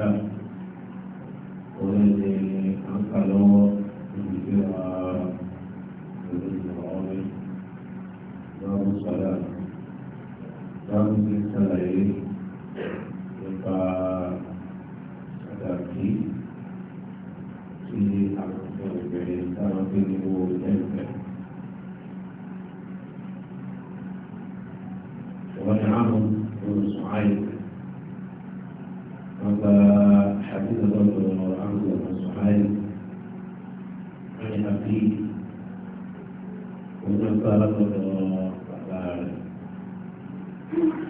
Now, yìí ojú ọgbà alágbọ̀dọ̀ bàbá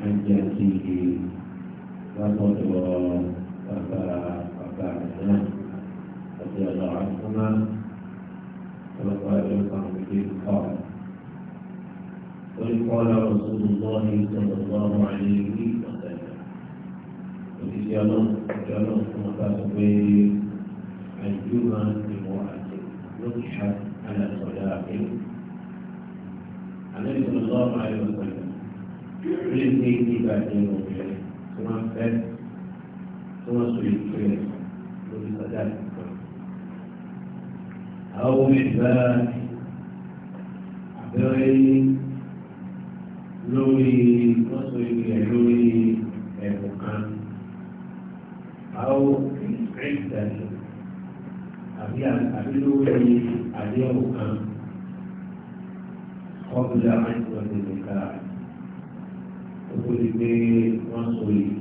rẹ̀ ẹ̀jẹ̀ àti ìdè alágbọ̀dọ̀ bàbá bàbá rẹ̀ náà àti ọ̀dọ̀ àtúnmá ọlọ́pàá ẹ̀rọ kan òkè kọ́. قل قال رسول الله صلى الله عليه وسلم وإذ يلوم يلوم ما تسوي أيها الحج على صلاة النبي صلى الله عليه وسلم رزقي في بعدين وبعدين ثم فات ثم سجد فيه وفي صلاة أو محبات عبرين لوري وصولي لوري مكان أو عدة أبي أبي لوري عليك قبل عدوة النكاح تقول لي وصلت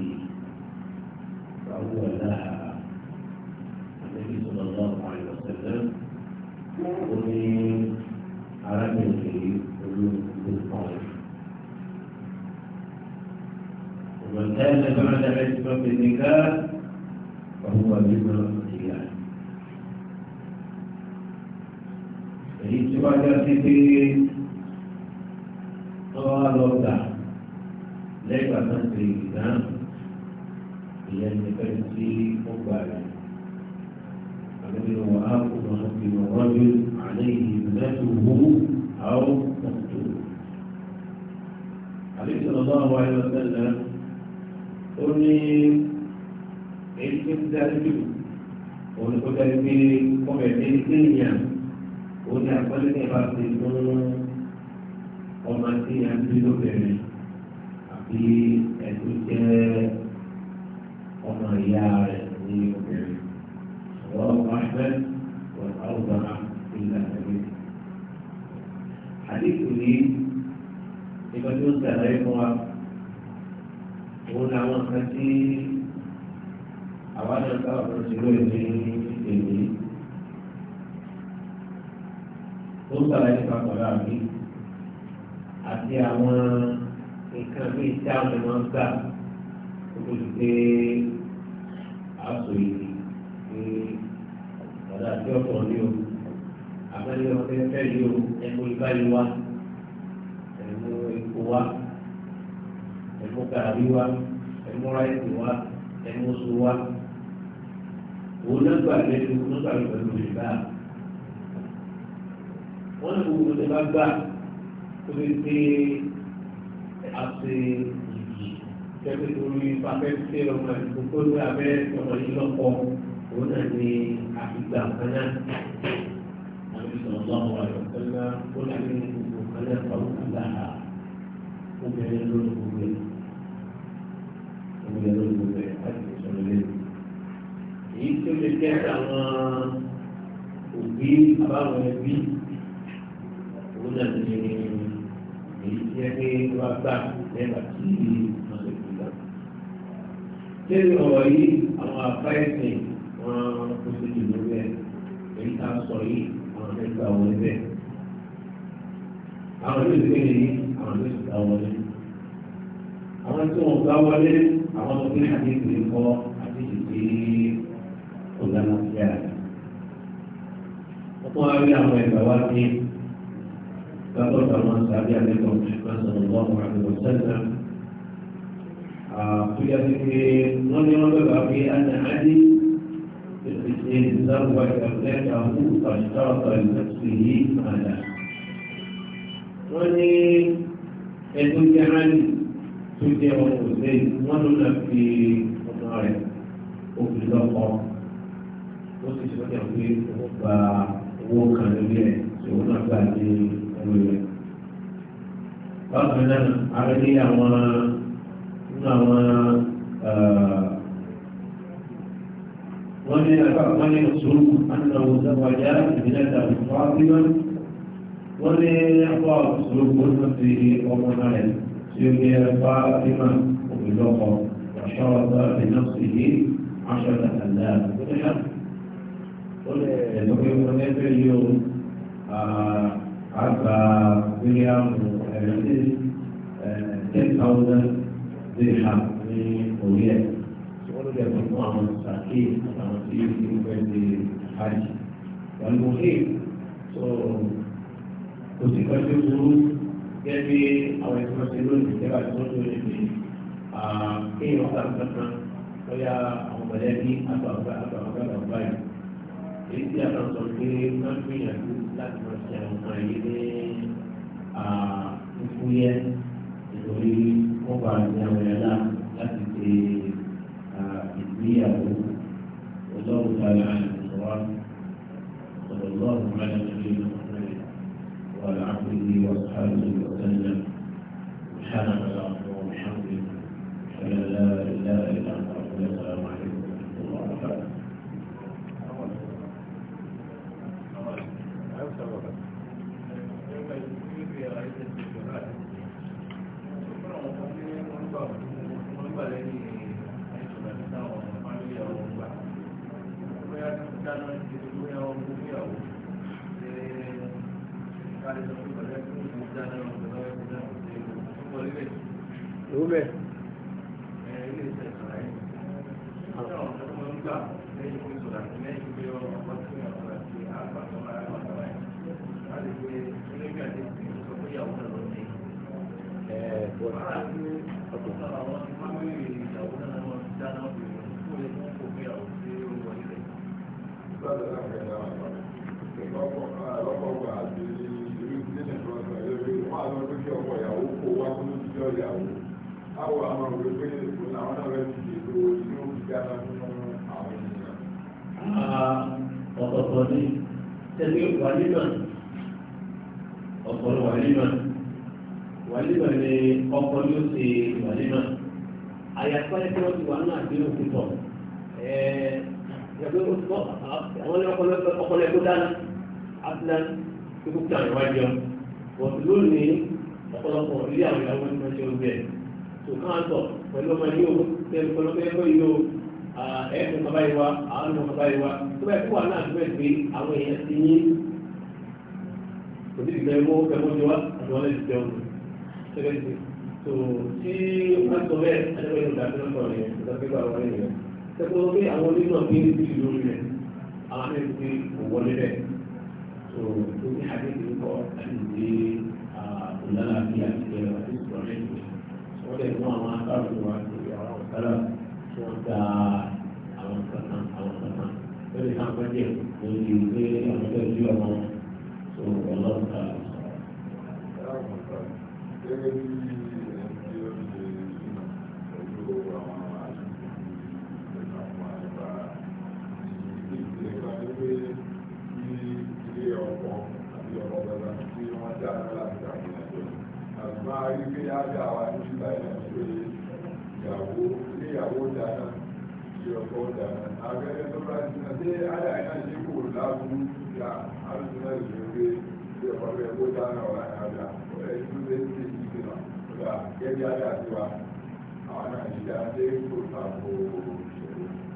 فهو لها النبي صلى الله عليه وسلم ومن عرفه قلوب بالطائف ومن كان بعد عدوة النكاح فهو بمن اغتيال rántí pé wọ́n wá lọ gbà lẹ́gbàá náà ti ìdáhùn ìyẹn ní pẹ́ tí ó gbà rẹ̀. الذي هو آخر هدي الرجل عليه ابنته أو تقتله عليه صلى الله عليه وسلم قلني إن كنت أرجو قلت لك قم بالدنيا òun ní àkọlé ní ìbá ti fún ọmọ tí a ń bí lóbìnrin àbí ẹ̀tún jẹ́ ọmọ ìyá rẹ̀ ní obìnrin. àwọn ọmọ ẹgbẹ́ wọ̀n àwùjọ ìlà ẹ̀mí. àdínkù ní ìgbà tí ó sàlàyé fún wa òun làwọn kan tí àwọn àjọ sábà tó ti lóye ní èyí. tó ń sàlàyé nípa pẹ̀lú àbí àti àwọn nǹkan bíi tí àwọn ọmọ ń gbà tó tó ti dé aṣọ ìlú ní ọ̀dà àti ọ̀pọ̀ ní o àbẹ́lẹ́ ọ̀fẹ́ fẹ́ yìí o ẹ̀mú ìbáyìí wá ẹ̀mú epo wá ẹ̀mú gàrí wá ẹ̀mú ráìsì wá ẹ̀mú oṣù wá òun náà gbà lẹ́nu nígbà pẹ̀lú ìbáà wọ́n ní gbogbo ọdẹ bá gbà tó lè pé àti yìí tẹ́lẹ̀ lórí pàfẹ́tì ọmọ ìdìbò tó ní abẹ́ ọmọ yìí lọ́pọ̀ òun náà ní àfìgbà kan náà àbí sọ̀rọ̀ ọmọ rẹ̀ kọ́lá ó lè ní gbogbo kan náà pàrọ̀ obìnrin lórí gbogbo obìnrin lórí gbogbo láti lè sọ̀rọ̀ lẹ́nu. èyí tó lè jẹ́ àwọn òbí àbáwọn ẹbí náà ní èyí tí ẹ pé wá gbà lẹ́gbà tí wọ́n lè fi lọ. ṣé ọ̀rọ̀ yìí àwọn àfáìsìn wọn kò sí jù lórí ẹ̀ èyí tá a sọ yìí àwọn ẹgbẹ́ àwọn ẹgbẹ́ àwọn ìlú ìgbéni ní àwọn ìlú ìgbà wọlé àwọn tí wọn gbà wọlé àwọn tó fi hàn ní kọ àti ìgbè ọ̀gá náà fi àná. wọ́n àwọn ẹgbẹ́ wá sí فقط من سعدي عليكم صلى الله عليه وسلم قيل في من يرغب في أن علي تزوج ابنته فاشترط لنفسه مالا wọ́n ẹ̀tọ́ jẹ́ hánì tó jẹ́ ọmọ òṣèlú wọ́n ló náà fi ọmọ rẹ̀ obìnrin lọ́kọ́ ó sì sọ́jà pé ó bákan náà arí àwọn nínú àwọn wọ́n ní wọ́n ní sùúrù anáwó sábàjá ìbílẹ̀ta fàáfíwọ́n wọ́n ní ẹ̀kọ́ sùúrù wọ́n ti ọmọ náà rẹ̀ tí ó yẹ fàáfíwọ́n òbí lọ́kọ̀ọ́. شرط بنفسه عشرة آلاف قل يوم àgbà william ẹ̀rẹ́dẹ́ eh, ten thousand dirham ní orí ẹ̀ tí wọ́n ló dẹ̀ fún àwọn sàkè àwọn tí ó fẹ́ di hajj wọ́n mú kí so kò sí kan tó burú gẹ́gẹ́ bí àwọn ẹ̀sìn ọ̀sẹ̀ lónìí nígbà tí wọ́n tó lè fi kéèyàn ọ̀gá kankan lọ́yà àwọn mọ̀lẹ́bí àgbàgbà àgbàgbà àgbàgbà yìí èyí tí a kan sọ pé wọ́n gbìyànjú láti máa ṣe àwọn yìí ní ah, ìfúyẹ́. Rúbẹ̀. ìyàwó àwọn àwọn òwe pé èkó làwọn náà rẹ̀ ti dèbò inú ìdáná fún àwọn ènìyàn. ọ̀pọ̀lọpọ̀ ní tẹ́lẹ̀ wàlímọ̀ ọ̀pọ̀lọpọ̀ wàlímọ̀ wàlímọ̀ ni ọkọ̀ yóò ṣe wàlímọ̀ àyàfọ́ ẹgbẹ́ wọn ti wà ní àdéhùn púpọ̀ ẹgbẹ́ wọn dáná àti náà kúkú ọ̀pọ̀lọpọ̀ ilé àwọn ìyàwó ní wọ́n ṣe ń bẹ̀. tó kán àtọ̀ pẹ̀lú ọmọ yìí o pẹ̀lú ọlọ́pẹ́ ẹ̀kọ́ yìí o ẹ̀ẹ́dùn kaba yìí wa àánú kaba yìí wa tó bá ẹ̀kọ́ wà náà tó bẹ̀ pé àwọn èèyàn ti yín kò sí ìgbà ẹ̀mọ́ ẹ̀mọ́ jẹ wa àti wọn lè ti jẹun sẹ́kẹ̀tì tó tí wọ́n sọ bẹ́ẹ̀ adébẹ́yìn ìdàgbẹ́sọ̀ rẹ̀ ìdàgbẹ́gbà wọlé rẹ̀ sẹ́kọ̀ pé àwọn onímọ̀ rẹ̀ lálàáfíà ìjọba àti ìsọ̀rọ̀ wọ́n lè mú àwọn akáàbò wa ti àwọn ọ̀sára tí wọ́n da àwọn kankan àwọn kankan lórí káńpẹ́jẹ̀ lórí ìwé àwọn ọ̀dọ́ ìlú ọmọ tó ọlọ́ọ̀ta.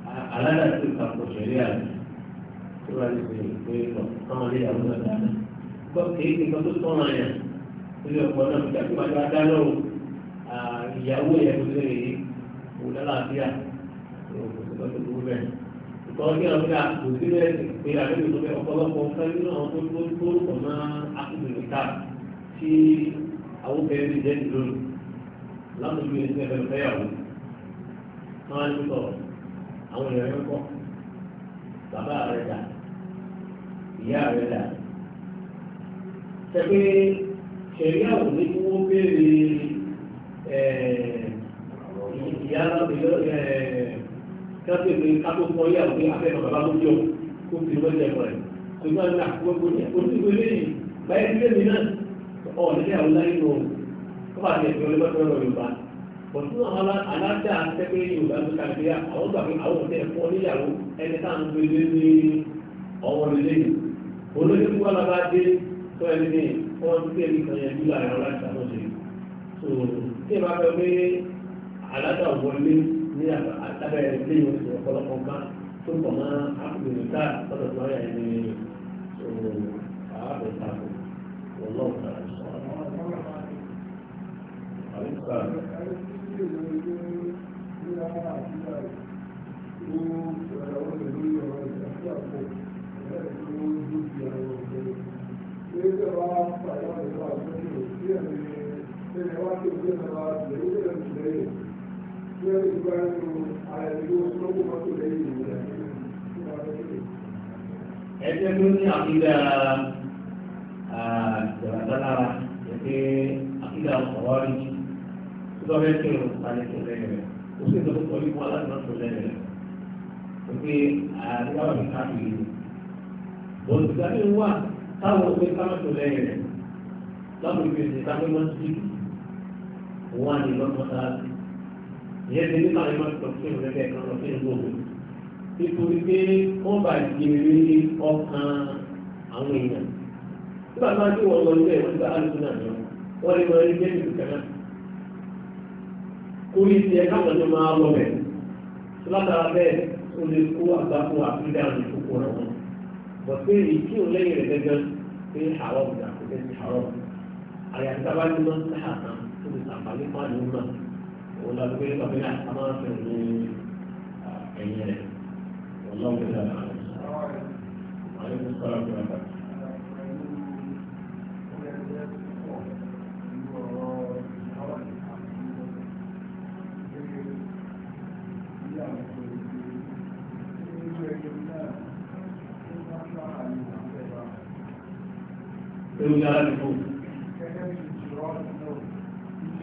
阿拉那四十五岁了，就是那个，他们两个，不，天气可不怎么样，就是可能比较干燥了，啊，下雨也容易，雾大了点，所以就多一点。tọ́jú ọ̀gá òsínlẹ̀ pé àdébì tó fẹ́ ọ̀pọ̀lọpọ̀ kájú náà tó tó tó ọ̀nà akúndùnìta tí àwòkẹ́rẹ́ ti jẹ́ ìlú látọ̀jú ẹni ẹ̀fẹ́ fẹ́yàwó máa ń sọ àwọn èèyàn ń kọ́ bàbá rẹ̀ dà ìyá rẹ̀ dà tẹ̀pẹ́ ṣẹ̀ríyàwó ní kí wọ́n béèrè ìyá lábẹ́ kẹ́sì pé kátó fọ yà pé afẹ́nà bàbá tó jọ kó ti wọ́n jẹ pẹ̀lú ṣùgbọ́n ní àkókò ní onígbò eléyìí báyìí sílé mi náà ọ̀ nílé àwọn láyé nù kó bá ti ẹ̀sìn ọlọ́gbọ́n tó lọ Yorùbá pọ̀tù àwọn alájà tẹ́pẹ́ Yorùbá tó kàgbé àwọn gbà pé àwọn ọ̀tẹ̀ ẹ̀fọ́ níyàwó ẹni tá à ń gbélé ní ọwọ́ lélẹ́yìn olóyún wọn bá dé tó ẹni ní ní àtàbẹ̀ ilé oṣù ọ̀pọ̀lọpọ̀ nǹkan tó pọ̀ mọ́ áfíríkà lọ́dọ̀ tó wáyà ní ààbẹ̀ ìtàkùn ọlọ́run náà sọ ẹgbẹ́ tó ní àkídà àjọ̀dọ́lára ẹgbẹ́ àkídà ọ̀rọ̀rí tó bẹ́ẹ̀ tó lọ sáré tó lẹ́yìn rẹ̀ ó sì lọ́wọ́ tó yíwọ́ láti lọ́ tó lẹ́yìn rẹ̀ ẹgbẹ́ àríwáwọ̀ ní káàkiri bọ̀dùgbà ní wà táwọn ọgbẹ́ káwọn tó lẹ́yìn rẹ̀ lọ́wọ́ ìgbésẹ̀ táwọn ọmọ sí wọn ni lọ́mọ sáà sí ìyẹn ti nípa ìmọ̀ ìtọ́sí ìrẹ́lẹ̀ kan lọ sí ìlú òun nítorí pé wọ́n bá ìdíyẹ̀wé ní ọkàn àwọn èèyàn nígbà máa ń wọ́n lọ ilé ìwọ̀n nígbà alùpùpù náà ni wọ́n lè máa rí jẹ́ ìdùkẹ́ náà kó ní tiẹ̀ káwọn ọjọ́ máa lọ bẹ̀ látara bẹ́ẹ̀ ó lè kó àgbákò àfíríkà àwọn ìkókó rẹ̀ wọn bọ̀ pé ìkí òun lẹ́yìn rẹ̀ gẹ́gẹ́ pé àrọ̀ ọ̀gá kò tẹ́sí àrọ̀ àyàtọ̀ bá òun lọ pé bàbá náà a máa ń fẹ́ ní ẹ̀yìn rẹ̀ ọlọ́run tó dára àwọn ẹ̀kọ́ sọ́ra fún ọ̀gá.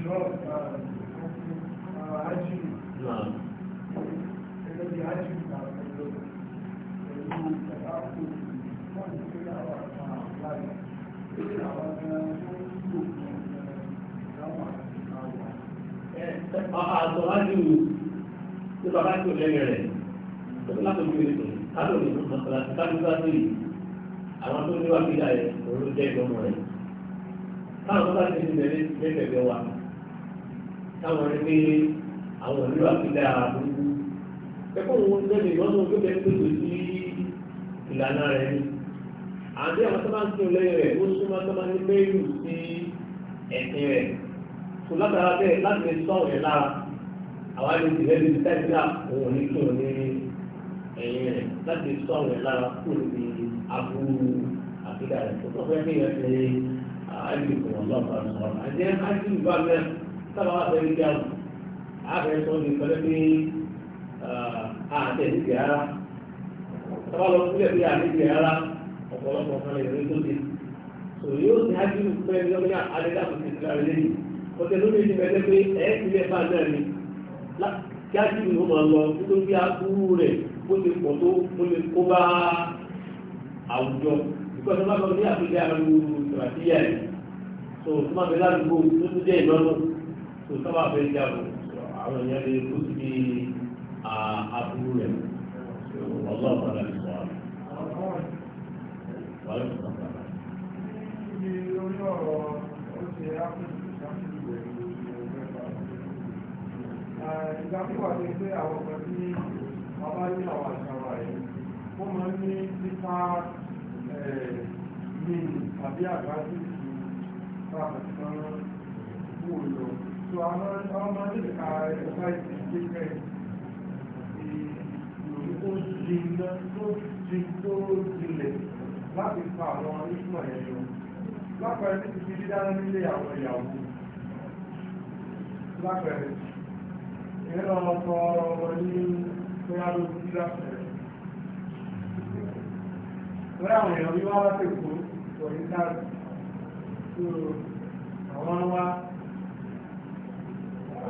Thank you àtọ̀wájú tí bàbá tí ò lẹ́yìn rẹ̀ láti fi rí kálò ní mọ̀sálásí kájúká sí àwọn tó níwájú yá rẹ̀ òun ló jẹ́ ìgbọ́mọ rẹ̀. káwọn tó bá ti ní bẹ̀rẹ̀ bẹ́ẹ̀ bẹ̀rẹ̀ wa táwọn rí pé àwọn ìlú àfidà burúkú ẹ̀kọ́ òun lẹ́nu ìwọ́n náà gbẹ́gbẹ́ ń pèsè sí ìlànà rẹ̀ ni àti àwọn sábà ń tún lẹ́yìn rẹ̀ ó súnmọ́ sábà ní mẹ́rù sí ẹ̀sìn rẹ̀ kò látara bẹ́ẹ̀ láti lè sọ ọ̀rẹ́ lára àwa lè tẹ̀lé ní tẹ́sílà òun ní tún ní ẹ̀yìn rẹ̀ láti lè sọ ọ̀rẹ́ lára kó lè fi aburú àfidà rẹ̀ tó tọ́ fẹ́ kí ẹ̀ ṣe àjùkù sábà wà fẹ́ẹ́ gbé àwọn àfẹ́ sọ ní ìpẹ́lẹ́ pé àtẹ̀ nígbè ara sábà lọ sílẹ̀ pé ànígbè ara ọ̀pọ̀lọpọ̀ kan lè rí tó ti sò yóò ti hájú pẹ́ ní ọmọdé àdéhà kò tètè lára lẹ́yìn ọ̀tẹ̀ ló ní ìpẹ́lẹ́ pé ẹ̀ sílẹ̀ bá náà ni kí á sì ní ó máa lọ nítorí aburú rẹ̀ bó ti pọ̀ tó bó ti kó bá àwùjọ ìgbà tó bá lọ ní àfihàn ìgbà tó bá lọ ní àfihàn tó bá lọ ní tó bá lọ ní tó sábà fẹ́ jáde àwọn èèyàn lè kó sí aburú rẹ̀ ọlọ́ọ̀ padà lè sọ àwọn. Ìgbàkúwà ti pé àwọn ọmọ tí wọ́n bá ní àwọn àṣàwà ẹ̀, ó máa ń ní pípa mìíràn tàbí àgbájú ìpàkàtàn kúrò lọ so àwọn ọmọdé ìka ẹ̀ka ìdíje ìròyìn tó jìnnà tó ti tó jinlẹ̀ láti fa àwọn onímọ̀ ẹ̀yọ lápẹẹrẹ ní ti dídára nílé àwọn ìyàwó lápẹẹrẹ ìrìnà ọkọ̀ ọ̀rọ̀ ní pẹ́yàló dídáfẹ̀ẹ́ lọ́rọ̀ àwọn èèyàn wíwá láti kó ọ̀rí dáadáa àwọn wá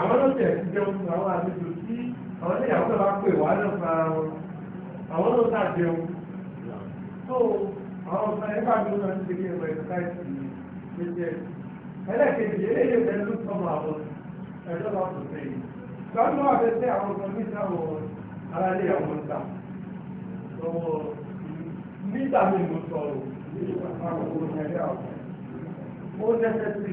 àwọn lọ́sẹ̀ ti jẹun fún àwọn àlejò tí àwọn tí ìyàwó bá pè wá náà fún ara wọn àwọn ló sá jẹun tó àwọn ọmọ ẹgbà mi náà ti ṣe ẹgbà ìgbà ìsìn ní jẹ ẹlẹ́kẹ̀ẹ́jì eléyìí ẹgbẹ́ ló sọmọ àwọn ẹjọ́ bá tó fẹ́ yìí gbọ́dọ̀ wà fẹ́ àwọn ọmọ mi sáwọn ara lé àwọn ta lọ́wọ́ nígbà mi mo sọ̀rọ̀ àwọn ọmọ mi ẹgbẹ́ àwọn mo nẹ́sẹ̀ sí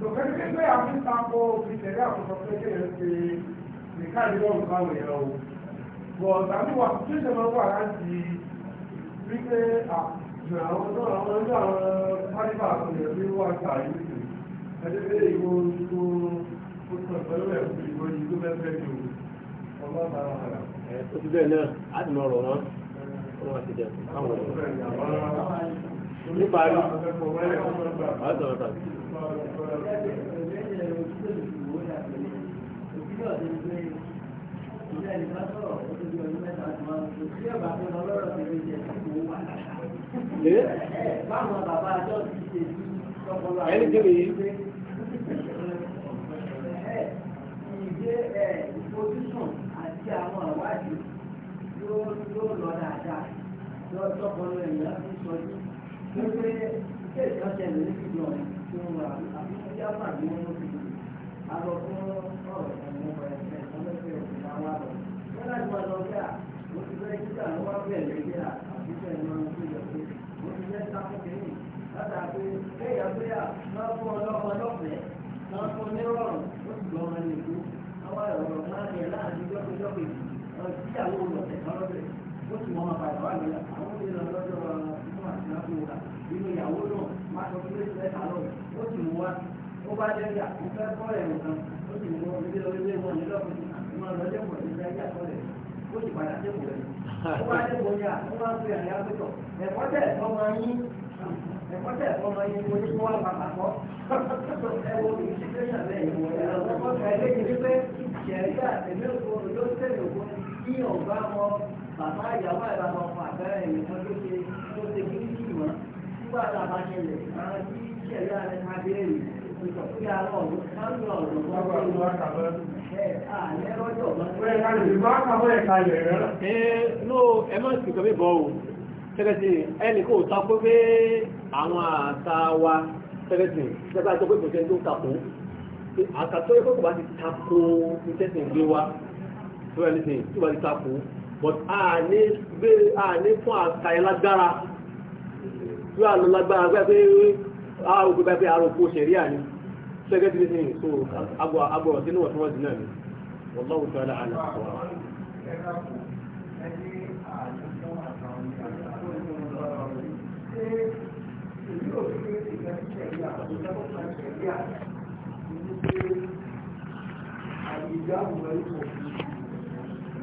tòkẹ́ni pé àfi ń tako òfin tẹ̀lé àkókò pé kí ẹ ṣe nìka ìdíwọ̀n nǹkan wẹ̀ ọ́ bọ̀ tàbí wà tí ó ṣe máa wà láti wípé àwọn àwọn ọjọ́ àwọn pálíbà tó yẹ kí wọ́n àgbà yìí sì ẹni pé ìwọ tó tó tàn pẹ̀lú ẹ̀ fún ìwọ yìí tó bẹ́ẹ̀ fẹ́ ju ọmọ àtàrà rẹ̀. ẹ tó ti bẹ́ẹ̀ náà á ti mọ̀ ọ̀rọ̀ wọn. Thank you níparí ẹni tí mi àwọn àwádìí yóò lọ dáadáa lọ́jọ́ kan lóyún láti sọ ní pé ṣé ìtọ́jẹ́ mi ní ìlú ọ̀hún tí ó wà àbí ìyá àgbà ni wọ́n ló fi alọ fún ọ̀rọ̀ ẹ̀mọ́ ẹ̀fẹ́ ọlọ́fẹ́ òfin àwọn àlọ́. wọ́n láti wá lọ bí à mo ti fẹ́ kíkà ló wá bẹ̀rẹ̀ lé bí à àbíkẹ́ ẹ̀ máa ń fi lọ pé mo ti fẹ́ sáfún kẹ́yìn látà pé kéèyàn pé à máa fún ọlọ́mọ lọ́fẹ̀ẹ́ máa fún onírọ̀rùn ó sì gbọ́ ọmọ nìkú àwọn ẹ̀rọ máa ń yẹ láàrin fún àti fún wa nínú ìyàwó náà má sọ fún méjì mẹ́ta lọ ó sì mú wa ó bá jẹ́ bí àkókò fẹ́ kọ́ kan ó sì mú wọn nílé lórí ilé wọn nílò fún máa lọ dẹ́kun ẹ̀mí fẹ́ yá sọ ó sì padà dẹ́kun rẹ̀ ó bá dẹ́kun ní à ó máa ń fi àyà pẹ̀tọ̀ ẹ̀kọ́ tẹ̀ ẹ̀kọ́ máa yín ẹ̀kọ́ tẹ̀ ẹ̀kọ́ máa yín mo ní kó wà pàpàkọ́ ẹ wo kì í ṣe tẹ́sán lẹ́yìn wọ̀ ẹ̀ lọ́kọ́ ẹ̀ lé bàbá ìyàwó ìbàdàn ọkọ àgbẹ̀rẹ̀ ìyẹn tó ṣe tó ṣe kí ní kí nígbà tá a bá ṣẹlẹ̀ àwọn tí ìṣẹ̀lẹ̀ àti abẹ́rẹ́ ìtọ́kùnrin àwọn ọ̀dọ́ máa ń lọ ọ̀dọ́ tó ń lọ àlẹ́ rọ́jò ọ̀gbọ́n. tẹ́lẹ̀tì ẹnì kò takó pé àwọn àta wa tẹ́lẹ̀tì tẹ́lẹ̀tì àti ọgbẹ́ ìpòsẹ́ tó takó àkàtọ́ ẹ̀kọ́ kò bá ti takó tẹ́lẹ̀tì gbé wa tẹ́lẹ̀tì tó bá ti takó but a ní fún àṣà ìlágbára tí a lọ lágbára pẹ́ àrùkú pẹ́ pé àrùkú ṣẹ̀ríà ni ṣẹ́gẹ́ tí ní so agbọ̀rọ̀ sínú wọ̀n tí wọ́n dínà ni wallahu ta'ala àlẹ́ Ìjọ́ àwọn ìwọ̀n